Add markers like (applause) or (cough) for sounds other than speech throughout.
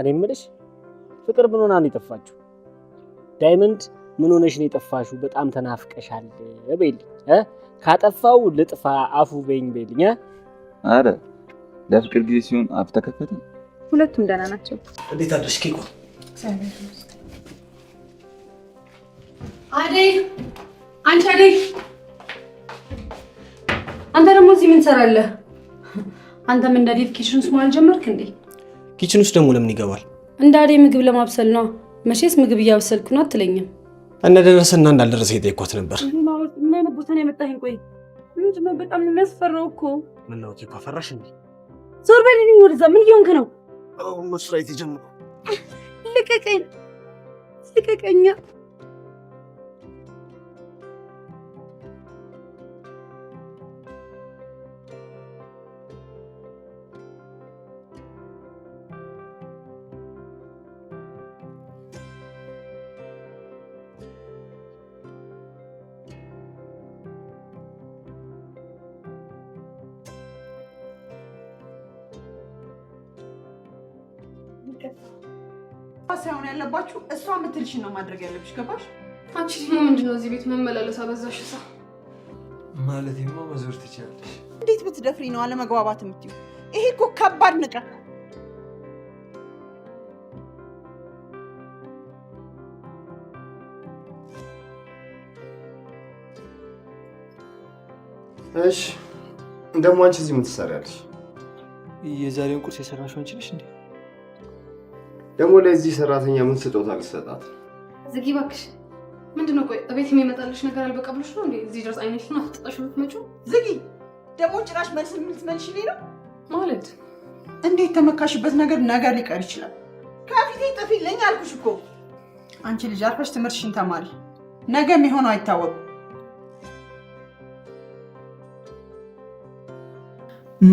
እኔ የምልሽ ፍቅር ምን ሆና ነው የጠፋችሁ? ዳይመንድ ምን ሆነሽ ነው የጠፋሽው? በጣም ተናፍቀሻል በይልኝ። ካጠፋው ልጥፋ አፉ በይኝ በይልኝ። አረ ለፍቅር ጊዜ ሲሆን አፍ ተከፈተ። ሁለቱም ደህና ናቸው። እንዴት አደርሽ? ኬኩ አደይ፣ አንቺ አደይ፣ አንተ ደግሞ እዚህ ምን ትሰራለህ? አንተም እንደ ዴት ኪችን ስሟል ጀመርክ እንዴ? ኪችን ውስጥ ደግሞ ለምን ይገባል? እንዳዴ ምግብ ለማብሰል ነዋ። መቼስ ምግብ እያበሰልኩ ነው አትለኝም። እንደደረሰና እንዳልደረሰ የጠየኳት ነበር። ምን ቦታ ነው የመጣኸኝ? ቆይ ምንድን ነው? በጣም የሚያስፈራው እኮ። ምን ነው ኬኳ ፈራሽ እንዴ? ዞር በልልኝ ወደዛ። ምን እየሆንክ ነው? መስራት የጀመረው ልቀቀኝ፣ ልቀቀኛ የሚገባ ሳይሆን ያለባችሁ እሷ የምትልሽን ነው ማድረግ ያለብሽ። ገባሽ? አንቺ ደግሞ ምንድነው እዚህ ቤት መመላለስ አበዛሽ። እሷ ማለት መዞር ትችላለሽ። እንዴት ብትደፍሪ ነው አለመግባባት የምትይው? ይሄ እኮ ከባድ ንቀት እሺ ደግሞ አንቺ እዚህ ምን ትሰሪያለሽ? የዛሬውን ቁርስ የሰራሽው አንቺ ነሽ እንዴ? ደግሞ ለዚህ ሰራተኛ ምን ስጦታ ልትሰጣት? ዝጊ እባክሽ። ምንድነው? ቆይ እቤት የሚመጣልሽ ነገር አልበቃ ብሎሽ ነው እንዴ እዚህ ድረስ አይነሽ አይነሽን አፍጥጠሽ የምትመጪው? ዝጊ። ደግሞ ጭራሽ መልስ የምትመልሽልኝ ነው ማለት? እንዴት ተመካሽበት ነገር ነገር ሊቀር ይችላል። ከፊቴ ጥፊልኝ አልኩሽ እኮ። አንቺ ልጅ አርፈሽ ትምህርትሽን ተማሪ። ነገ የሚሆነው አይታወቅም።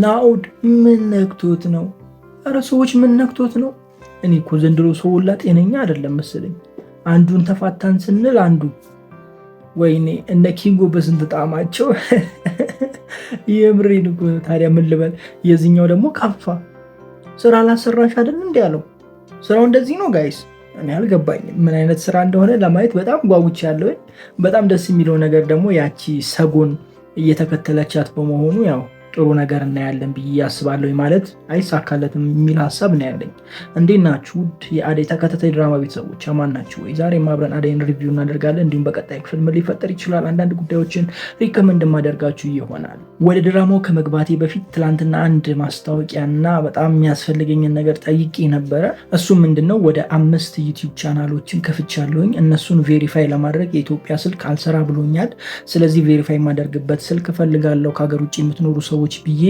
ናኡድ ምን ነክቶት ነው? አረ ሰዎች ምን ነክቶት ነው? እኔ እኮ ዘንድሮ ሰው ሁላ ጤነኛ አይደለም መሰለኝ። አንዱን ተፋታን ስንል አንዱ ወይኔ እነ ኪንጎ በስንት ጣማቸው (laughs) የምሬን እኮ ታዲያ ምን ልበል? የዚኛው ደግሞ ካፋ ስራ ላሰራሽ አይደል እንዲ ያለው ስራው እንደዚህ ነው ጋይስ። እኔ አልገባኝም ምን አይነት ስራ እንደሆነ ለማየት በጣም ጓጉቻ ያለውኝ። በጣም ደስ የሚለው ነገር ደግሞ ያቺ ሰጎን እየተከተለቻት በመሆኑ ያው ጥሩ ነገር እናያለን ብዬ አስባለሁ። ማለት አይሳካለትም የሚል ሀሳብ እናያለኝ። ያለኝ። እንዴት ናችሁ? ውድ የአደይ ተከታታይ ድራማ ቤተሰቦች አማን ናችሁ ወይ? ዛሬ አብረን አደይን ሪቪው እናደርጋለን። እንዲሁም በቀጣይ ክፍል ምን ሊፈጠር ይችላል አንዳንድ ጉዳዮችን ሪከመንድ ማደርጋችሁ ይሆናል። ወደ ድራማው ከመግባቴ በፊት ትላንትና አንድ ማስታወቂያና በጣም የሚያስፈልገኝን ነገር ጠይቄ ነበረ። እሱ ምንድነው ወደ አምስት ዩቲዩብ ቻናሎችን ከፍቻለሁኝ። እነሱን ቬሪፋይ ለማድረግ የኢትዮጵያ ስልክ አልሰራ ብሎኛል። ስለዚህ ቬሪፋይ የማደርግበት ስልክ እፈልጋለሁ። ከሀገር ውጭ የምትኖሩ ሰዎች ሰዎች ብዬ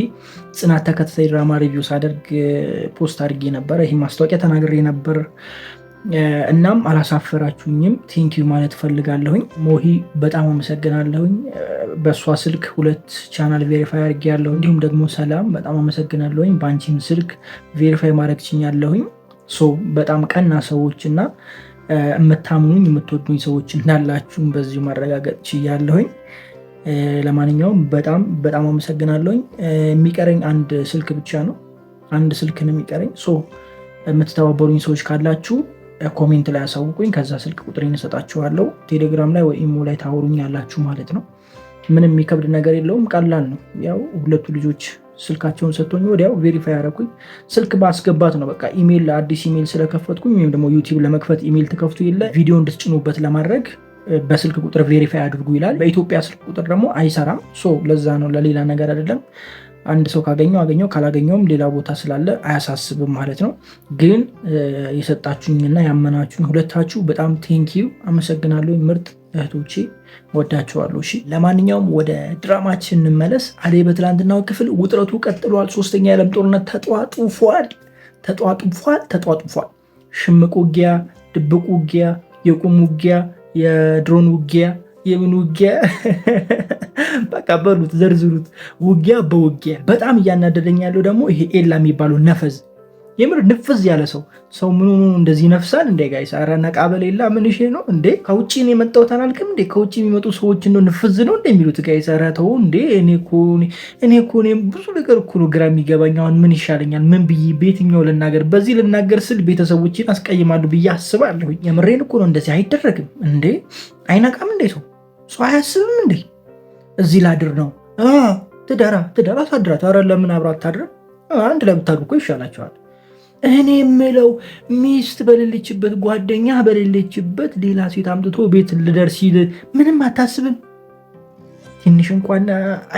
ጽናት ተከታታይ ድራማ ሪቪው ሳደርግ ፖስት አድርጌ ነበር። ይህ ማስታወቂያ ተናግሬ ነበር። እናም አላሳፈራችሁኝም። ቴንኪዩ ማለት ፈልጋለሁኝ። ሞሂ በጣም አመሰግናለሁኝ። በእሷ ስልክ ሁለት ቻናል ቬሪፋይ አድርጌ ያለሁ፣ እንዲሁም ደግሞ ሰላም በጣም አመሰግናለሁኝ። በአንቺም ስልክ ቬሪፋይ ማድረግ ያለሁኝ በጣም ቀና ሰዎች እና የምታምኑኝ የምትወዱኝ ሰዎች እንዳላችሁም በዚሁ ማረጋገጥ ችያለሁኝ። ለማንኛውም በጣም በጣም አመሰግናለኝ። የሚቀረኝ አንድ ስልክ ብቻ ነው። አንድ ስልክ ነው የሚቀረኝ። ሶ የምትተባበሩኝ ሰዎች ካላችሁ ኮሜንት ላይ አሳውቁኝ። ከዛ ስልክ ቁጥሬን እሰጣችኋለሁ። ቴሌግራም ላይ ወይ ኢሞ ላይ ታወሩኝ ያላችሁ ማለት ነው። ምንም የሚከብድ ነገር የለውም። ቀላል ነው። ያው ሁለቱ ልጆች ስልካቸውን ሰጥቶኝ ወዲያው ቬሪፋይ ያደረኩኝ ስልክ ማስገባት ነው። በቃ ኢሜል፣ አዲስ ኢሜል ስለከፈትኩኝ ወይም ደግሞ ዩቲዩብ ለመክፈት ኢሜል ተከፍቶ የለ ቪዲዮ እንድትጭኑበት ለማድረግ በስልክ ቁጥር ቬሪፋይ አድርጉ ይላል። በኢትዮጵያ ስልክ ቁጥር ደግሞ አይሰራም። ሶ ለዛ ነው፣ ለሌላ ነገር አይደለም። አንድ ሰው ካገኘው አገኘው፣ ካላገኘውም ሌላ ቦታ ስላለ አያሳስብም ማለት ነው። ግን የሰጣችሁኝና ያመናችሁኝ ሁለታችሁ በጣም ቴንኪዩ፣ አመሰግናለሁ። ምርጥ እህቶቼ ወዳቸዋለሁ እሺ፣ ለማንኛውም ወደ ድራማችን እንመለስ። አደይ በትላንትናው ክፍል ውጥረቱ ቀጥሏል። ሶስተኛ የዓለም ጦርነት ተጧጡፏል፣ ተጧጡፏል፣ ተጧጡፏል። ሽምቅ ውጊያ፣ ድብቅ ውጊያ፣ የቁም ውጊያ የድሮን ውጊያ የምን ውጊያ (laughs) በቃ በሉት ዘርዝሩት። ውጊያ በውጊያ በጣም እያናደደኝ ያለው ደግሞ ይሄ ኤላ የሚባለው ነፈዝ የምር ንፍዝ ያለ ሰው ሰው ምን ሆኖ እንደዚህ ነፍሳል እንደ ጋይስ ኧረ ነቃ በሌላ ምን ነው እንዴ ከውጭ ነው የመጣሁት አላልክም እንዴ ከውጭ የሚመጡ ሰዎች ነው ንፍዝ ነው እንደሚሉት ጋይስ ኧረ ተው እንዴ እኔ እኮ እኔም ብዙ ነገር እኮ ነው ግራ የሚገባኝ አሁን ምን ይሻለኛል ምን ብዬ በየትኛው ልናገር በዚህ ልናገር ስል ቤተሰቦችን አስቀይማሉ ብዬ አስባለ የምሬን እኮ ነው እንደዚህ አይደረግም እንዴ አይነቃም እንዴ ሰው ሰው አያስብም እንዴ እዚህ ላድር ነው ትደራ ትደራ ታድራ ለምን አብራ ታድረ አንድ ላይ ብታድር እኮ ይሻላቸዋል እኔ የምለው ሚስት በሌለችበት ጓደኛ በሌለችበት ሌላ ሴት አምጥቶ ቤት ልደርስ ሲል ምንም አታስብም? ትንሽ እንኳን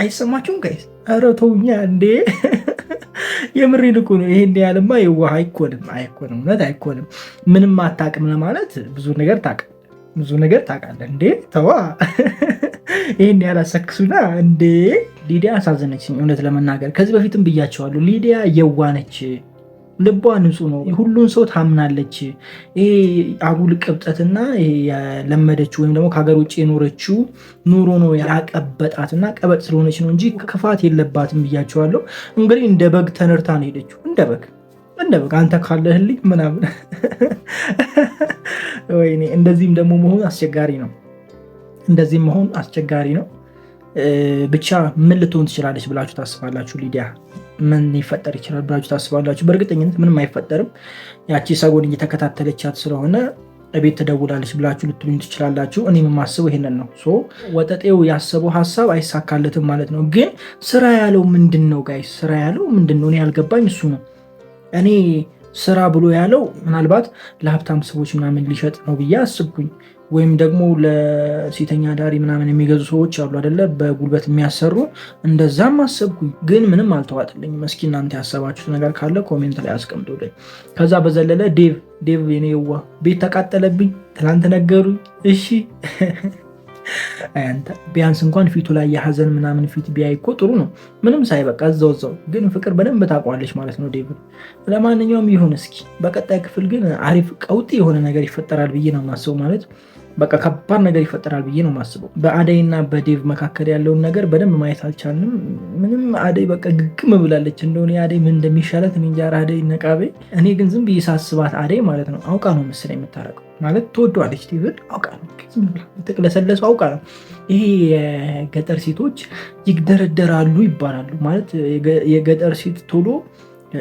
አይሰማችሁም? ጋይስ ኧረ ተውኛ እንዴ! (laughs) የምሬን እኮ ነው። ይሄን ያህልማ የዋህ አይኮንም፣ አይኮንም፣ እውነት አይኮንም። ምንም አታውቅም ለማለት ብዙ ነገር ታውቃለህ፣ ብዙ ነገር ታውቃለህ። እንዴ ተዋ፣ (laughs) ይሄን ያህል አሰክሱና እንዴ! ሊዲያ አሳዘነችኝ፣ እውነት ለመናገር ከዚህ በፊትም ብያቸዋለሁ። ሊዲያ የዋህ ነች። ልቧ ንጹህ ነው። ሁሉን ሰው ታምናለች። ይሄ አጉል ቅብጠትና ለመደችው ወይም ደግሞ ከሀገር ውጭ የኖረችው ኑሮ ነው ያቀበጣት እና ቀበጥ ስለሆነች ነው እንጂ ክፋት የለባትም ብያቸዋለሁ። እንግዲህ እንደ በግ ተነርታ ነው ሄደችው። እንደ በግ እንደ በግ አንተ ካለህልኝ ምናምን። ወይኔ እንደዚህም ደግሞ መሆን አስቸጋሪ ነው። እንደዚህም መሆን አስቸጋሪ ነው። ብቻ ምን ልትሆን ትችላለች ብላችሁ ታስባላችሁ ሊዲያ? ምን ሊፈጠር ይችላል ብላችሁ ታስባላችሁ? በእርግጠኝነት ምንም አይፈጠርም። ያቺ ሰጎን እየተከታተለቻት ስለሆነ ቤት ትደውላለች ብላችሁ ልትሉኝ ትችላላችሁ። እኔ የማስበው ይሄንን ነው። ወጠጤው ያሰበው ሀሳብ አይሳካለትም ማለት ነው። ግን ስራ ያለው ምንድን ነው? ጋይ ስራ ያለው ምንድን ነው? እኔ ያልገባኝ እሱ ነው። እኔ ስራ ብሎ ያለው ምናልባት ለሀብታም ሰዎች ምናምን ሊሸጥ ነው ብዬ አስብኩኝ። ወይም ደግሞ ለሴተኛ ዳሪ ምናምን የሚገዙ ሰዎች አሉ አደለ? በጉልበት የሚያሰሩ እንደዛም አሰብኩኝ። ግን ምንም አልተዋጥልኝ። እስኪ እናንተ ያሰባችሁት ነገር ካለ ኮሜንት ላይ አስቀምጡልኝ። ከዛ በዘለለ ዴቭ ዴቭ የኔ የዋ ቤት ተቃጠለብኝ ትናንት ነገሩኝ። እሺ (laughs) ቢያንስ እንኳን ፊቱ ላይ የሀዘን ምናምን ፊት ቢያይ እኮ ጥሩ ነው። ምንም ሳይበቃ እዛው እዛው ግን ፍቅር በደንብ ታቋለች ማለት ነው ዴቪድ። ለማንኛውም ይሁን እስኪ በቀጣይ ክፍል ግን አሪፍ ቀውጢ የሆነ ነገር ይፈጠራል ብዬ ነው የማስበው ማለት በቃ ከባድ ነገር ይፈጠራል ብዬ ነው የማስበው። በአደይና በዴቭ መካከል ያለውን ነገር በደንብ ማየት አልቻልንም። ምንም አደይ በቃ ግግም ብላለች። እንደሆነ አደይ ምን እንደሚሻለት እኔ እንጃ። አደይ ነቃቤ። እኔ ግን ዝም ብዬ ሳስባት አደይ ማለት ነው አውቃ ነው ምስል የምታረቀው ማለት ትወደዋለች። ዴቭን አውቃ ነው ተቅለሰለሱ አውቃ ነው። ይሄ የገጠር ሴቶች ይግደረደራሉ ይባላሉ። ማለት የገጠር ሴት ቶሎ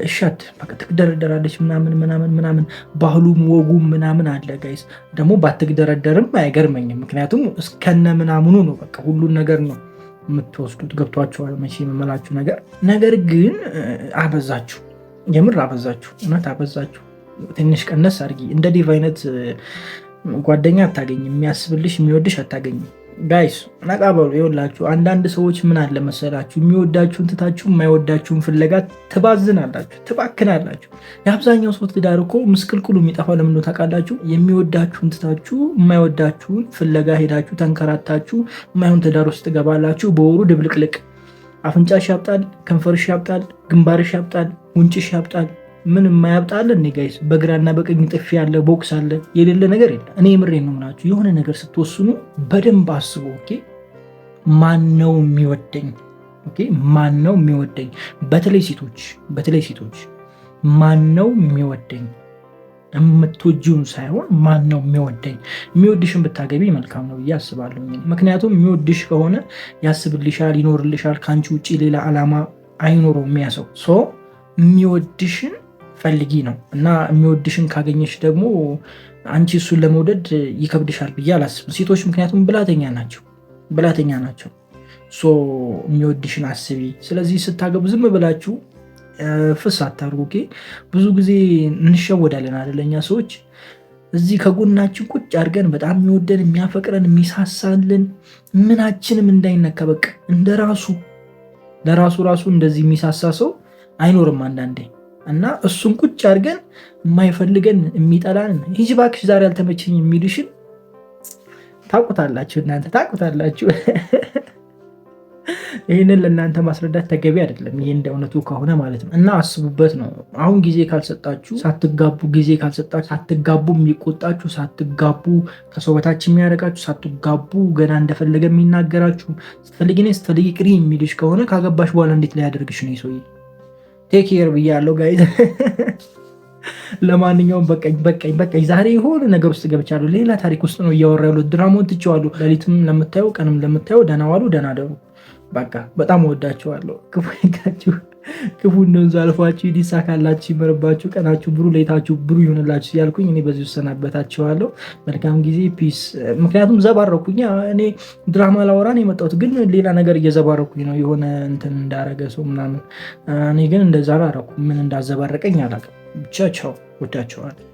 እሸት በቃ ትግደረደራለች ምናምን ምናምን ምናምን ባህሉም ወጉም ምናምን አለ። ጋይስ ደግሞ ባትግደረደርም አይገርመኝም፣ ምክንያቱም እስከነ ምናምኑ ነው። በቃ ሁሉን ነገር ነው የምትወስዱት። ገብቷቸዋል መቼ የምመላችሁ ነገር። ነገር ግን አበዛችሁ፣ የምር አበዛችሁ፣ እውነት አበዛችሁ። ትንሽ ቀነስ አድርጊ። እንደ ዴቭ አይነት ጓደኛ አታገኝም፣ የሚያስብልሽ የሚወድሽ አታገኝም። ጋይስ ነቃ በሉ። ይኸውላችሁ አንዳንድ ሰዎች ምን አለ መሰላችሁ የሚወዳችሁን ትታችሁ የማይወዳችሁን ፍለጋ ትባዝናላችሁ፣ ትባክናላችሁ። የአብዛኛው ሰው ትዳር እኮ ምስቅልቅሉ የሚጠፋው ለምን ታውቃላችሁ? የሚወዳችሁን ትታችሁ የማይወዳችሁን ፍለጋ ሄዳችሁ ተንከራታችሁ የማይሆን ትዳር ውስጥ ትገባላችሁ። በወሩ ድብልቅልቅ አፍንጫሽ ያብጣል፣ ከንፈርሽ ያብጣል፣ ግንባርሽ ያብጣል፣ ጉንጭሽ ያብጣል። ምን የማያብጣለ እኔ ጋይስ በግራና በቀኝ ጥፊ ያለ ቦክስ አለ የሌለ ነገር የለ። እኔ የምሬ ነው የምላችሁ። የሆነ ነገር ስትወስኑ በደንብ አስቡ። ኦኬ ማነው የሚወደኝ? ኦኬ ማነው የሚወደኝ? በተለይ ሴቶች በተለይ ሴቶች ማነው የሚወደኝ? የምትወጂውን ሳይሆን ማነው የሚወደኝ። የሚወድሽን ብታገቢ መልካም ነው ብዬ አስባለሁ። ምክንያቱም የሚወድሽ ከሆነ ያስብልሻል፣ ይኖርልሻል። ከአንቺ ውጭ ሌላ አላማ አይኖረው የሚያሰው ሰው የሚወድሽን ፈልጊ ነው እና የሚወድሽን ካገኘሽ ደግሞ አንቺ እሱን ለመውደድ ይከብድሻል ብዬ አላስብም። ሴቶች ምክንያቱም ብላተኛ ናቸው ብላተኛ ናቸው። ሶ የሚወድሽን አስቢ። ስለዚህ ስታገቡ ዝም ብላችሁ ፍስ አታርጉ። ብዙ ጊዜ እንሸወዳለን አደለኛ ሰዎች እዚህ ከጎናችን ቁጭ አድርገን በጣም የሚወደን የሚያፈቅረን የሚሳሳልን ምናችንም እንዳይነካ በቃ እንደ ራሱ ለራሱ ራሱ እንደዚህ የሚሳሳ ሰው አይኖርም አንዳንዴ እና እሱን ቁጭ አድርገን የማይፈልገን የሚጠላን ሂጂ እባክሽ ዛሬ አልተመቸኝ የሚልሽን ታውቁታላችሁ እናንተ ታውቁታላችሁ። (laughs) ይህንን ለእናንተ ማስረዳት ተገቢ አይደለም። ይህ እንደ እውነቱ ከሆነ ማለት ነው። እና አስቡበት ነው። አሁን ጊዜ ካልሰጣችሁ፣ ሳትጋቡ ጊዜ ካልሰጣችሁ፣ ሳትጋቡ የሚቆጣችሁ፣ ሳትጋቡ ከሰው በታች የሚያደርጋችሁ፣ ሳትጋቡ ገና እንደፈለገ የሚናገራችሁ፣ ስትፈልጊ ነይ ስትፈልጊ ቅሪ የሚልሽ ከሆነ ካገባሽ በኋላ እንዴት ላይ ያደርግሽ ነው ይህ ሰውዬ? ቴክር ብያለው ጋይዝ። ለማንኛውም በቀኝ በቀኝ በቀኝ ዛሬ የሆነ ነገር ውስጥ ገብቻለሁ። ሌላ ታሪክ ውስጥ ነው እያወራ ያሉት። ድራማውን ትቼዋለሁ። ሌሊትም ለምታየው ቀንም ለምታየው ደህና ዋሉ፣ ደህና ደሩ። በቃ በጣም ወዳቸዋለሁ። ክፉ ይጋችሁ። ክፉነውን አልፏችሁ ይሳካላችሁ፣ ይመርባችሁ፣ ቀናችሁ ብሩ፣ ሌታችሁ ብሩ ይሆንላችሁ ሲያልኩኝ እኔ በዚህ እሰናበታችኋለሁ። መልካም ጊዜ ፒስ። ምክንያቱም ዘባረኩኝ። እኔ ድራማ ላወራን የመጣሁት ግን ሌላ ነገር እየዘባረኩኝ ነው፣ የሆነ እንትን እንዳረገ ሰው ምናምን። እኔ ግን እንደዛ አላረኩም። ምን እንዳዘባረቀኝ አላውቅም። ብቻ ቻው፣ ወዳችኋለሁ።